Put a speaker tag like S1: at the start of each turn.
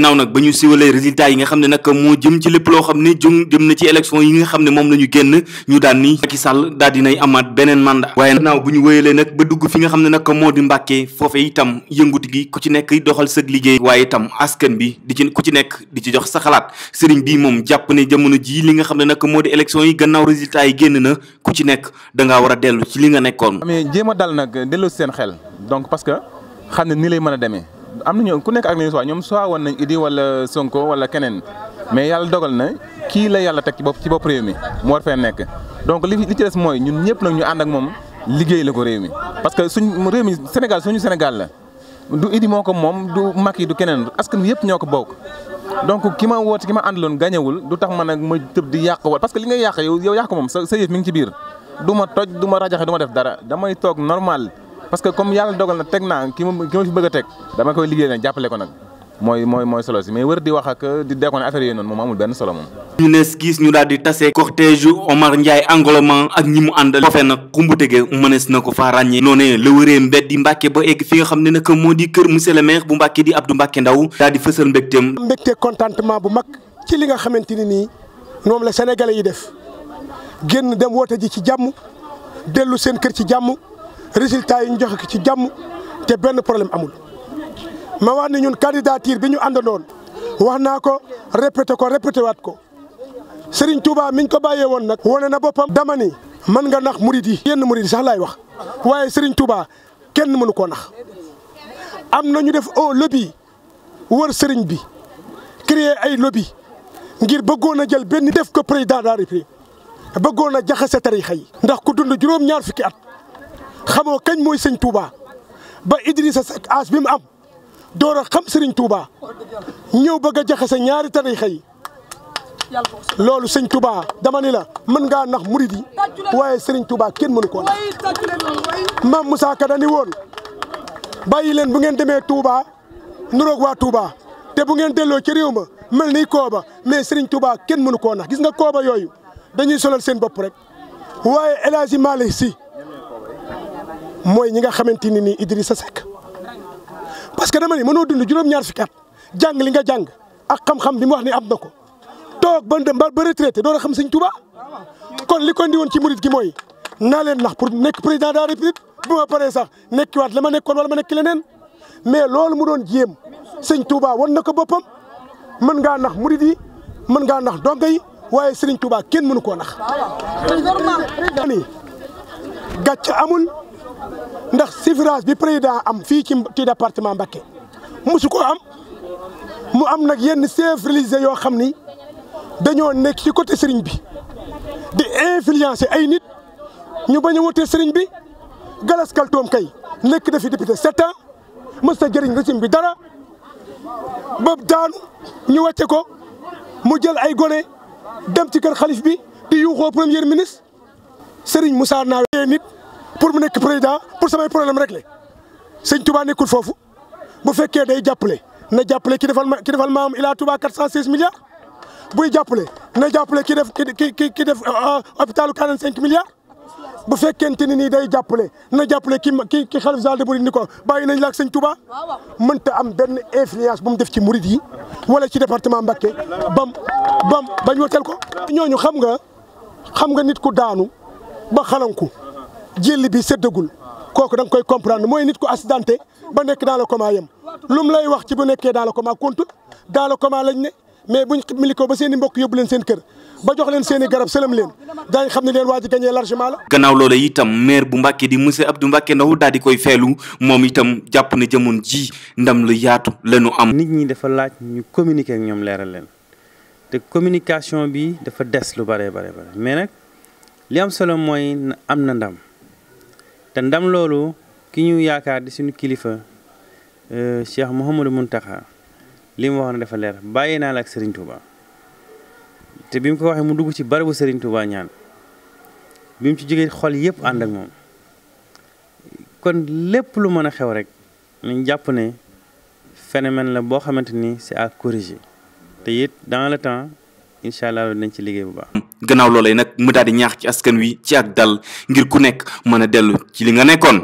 S1: ginnaaw nag ba ñu siwalee résultat yi nga xam ne nag moo jëm ci lépp loo xam ne jëm jëm na ci élection yi nga xam ne moom la ñu génn ñu daan ni Macky Sall daal dinay amaat beneen mandat waaye ginnaaw bu ñu wéyalee nag ba dugg fi nga xam ne nag moo di Mbàkke foofe itam yëngut gi ku ci nekk doxal sëg liggéey waaye itam askan bi di ci ku ci nekk di ci jox sa xalaat sëriñ bi moom jàpp ne jamono ji li nga xam ne nag moo di élection yi gannaaw résultat yi génn na ku ci nekk dangaa war a dellu ci
S2: li nga nekkoon mais jéem a dal nag dellu seen xel donc parce que xam ne ni lay mën a demee am na ñoo ku nekk ak nañu soit ñoom soit woon nañ Idi wala Sonko wala keneen mais yàlla dogal na kii la yàlla teg ci bopp ci bopp réew mi mu war fee nekk donc li li ci des mooy ñun ñëpp nag ñu ànd moom liggéey la ko réew mi parce que suñ réew mi Sénégal suñu Sénégal la du Idi moo ko moom du Macky du keneen askan yëpp ñoo ko bokk donc ki ma woote ki ma àndaloon gañewul du tax ma nag ma tëb di yàq wal parce que li ngay yàq yow yow yàq moom sa sa yëf mi ngi ci biir du ma toj du ma rajaxe def dara damay toog normal parce que comme yàlla dogal na teg naa ki ma fi bëgg a teg dama koy liggéey nag jàppale ko nag mooy solo si mais wër di wax ak di dekkoon affaire yooyu noonu moom
S1: di tase cortège Omar Ndiaye Angloma ak ñi na ko faa ràññee noonee la wëree mbedd di nga xam ne nag moo di kër monsieur le maire bu Mbàkke di Abdou Mbàkke Ndaw daal di fësal
S3: li nga xamante ne nii moom la sénégalais yi def génn dem woote ji ci jàmm dellu seen kër ci jàmm résultat yi ñu joxe ci jàmm te benn problème amul. ma wax ni ñun candidature bi ñu àndandoon wax naa ko répété ko répété waat ko Serigne Touba miñ ñu ko bàyyee woon nag. wane na boppam dama ni mën nga nax murid yi. yenn murid sax laay wax waaye Serigne Touba kenn mënu koo nax am na ñu def au lobby wër Serigne bi créer ay lobby ngir bëggoon a jël benn def ko président de la République bëggoon a jaxase tarixa yi. ndax ku dund juróom-ñaar fukki at. xamoo kañ mooy sëñ Touba ba Idrissa Seck âge bi mu am door a xam sëriñ Touba ñëw bëgg a sa ñaari tariixa yi loolu sëñ Touba dama ni la mën nga nax murid yi waaye sëriñ Touba kenn mënu ko maam Moussa Ka dani woon bàyyi leen bu ngeen demee Touba nuroog waa Touba te bu ngeen delloo ci réew ma mel ni kooba mais sëriñ Touba kenn mënu koo nax gis nga kooba yooyu dañuy solal seen bopp rek waaye El Hadj Malick mooy ñi nga xamante ni nii Idrissa Seck parce que dama ni mënoo dund juróom-ñaar fukki at jàng li nga jàng ak xam-xam bi mu wax ni am na ko toog ba dem ba retraité door a xam Sëñ Tuubaa kon li ko indi woon ci murit gi mooy naa leen nax pour nekk président de la république bu ma paree sax nekkiwaat la ma nekkoon wala ma nekk leneen mais loolu mu doon jéem Sëñ Tuubaa wan na ko boppam mën ngaa nax murit yi mën ngaa nax donga waaye Sëriñ Tuubaa kenn mënu koo nax. gàcce amul. ndax suffrage bi président am fii ci ci département Mbacké mosu ko am mu am nag yenn chefs religieux yoo xam ni dañoo nekk ci côté sëriñ bi di influencer ay nit ñu bañ a wotee bi Galas Kaltoom kay nekk na fi député sept ans mës na jëriñ régime bi dara ba daanu ñu wàcce ko mu jël ay gone dem ci kër xalif bi di yuuxoo premier ministre sëriñ Moussa Nawe nit. pour mu nekk président pour samay problème réglé sëñ Touba nekkul foofu bu fekkee day jàppale na jàppale ki defal la ki defal maam Ila Touba 416 milliards. jàppale na jàppale ki def ki ki ki def euh, euh, hôpitalu 45 milliards bu fekkente ni nii day jàppale na jàppale ki ki ki xalif zaal de murid ni ko bàyyi nañ la ak sëñ Touba mënta am benn influence bu mu def ci murid yi wala ci département Mbacké bam bam bañ woteel ko. ñooñu xam nga xam nga nit ku daanu ba xalanku. jël bi seddagul kooku danga koy comprendre mooy nit ko accidenté ba nekk daal le coma yem lum lay wax ci bu nekkee dans le coma kontul dans le coma lañ ne mais buñ milikoo ba seen mbokk yóbbu leen seen kër ba jox leen seen i garab sëlëm xam ne leen waa ji gagné largement la
S1: gannaaw loola itam bu Mbàkke di monsieur Abdou Mbàkke Ndaw daal di koy feelu moom itam jàpp na jëmoon ji ndam lu yaatu lañu am nit ñi dafa laaj ñu communiquer ak ñoom leeral leen de communication bi dafa des lu bare bare bare mais nag li am solo mooy am na ndam te ndam loolu ki ñu yaakaar di suñu kilifa euh, Cheikh Mouhamadou Mountakha li mu wax na dafa leer bàyyi naa la ak Serigne Touba te bi mu ko waxee mu dugg ci barabu Serigne Touba ñaan bi mu ci jógee xol yëpp ànd ak moom kon lépp lu mën a xew rek nañ jàpp ne phénomène la boo xamante ni c'est à corriger te it dans le temps incha allah dañ ci liggéey bu baax. gannaaw loolee nag mu daal di ñaax ci askan wi ci ak dal ngir ku nekk mën a dellu ci li nga nekkoon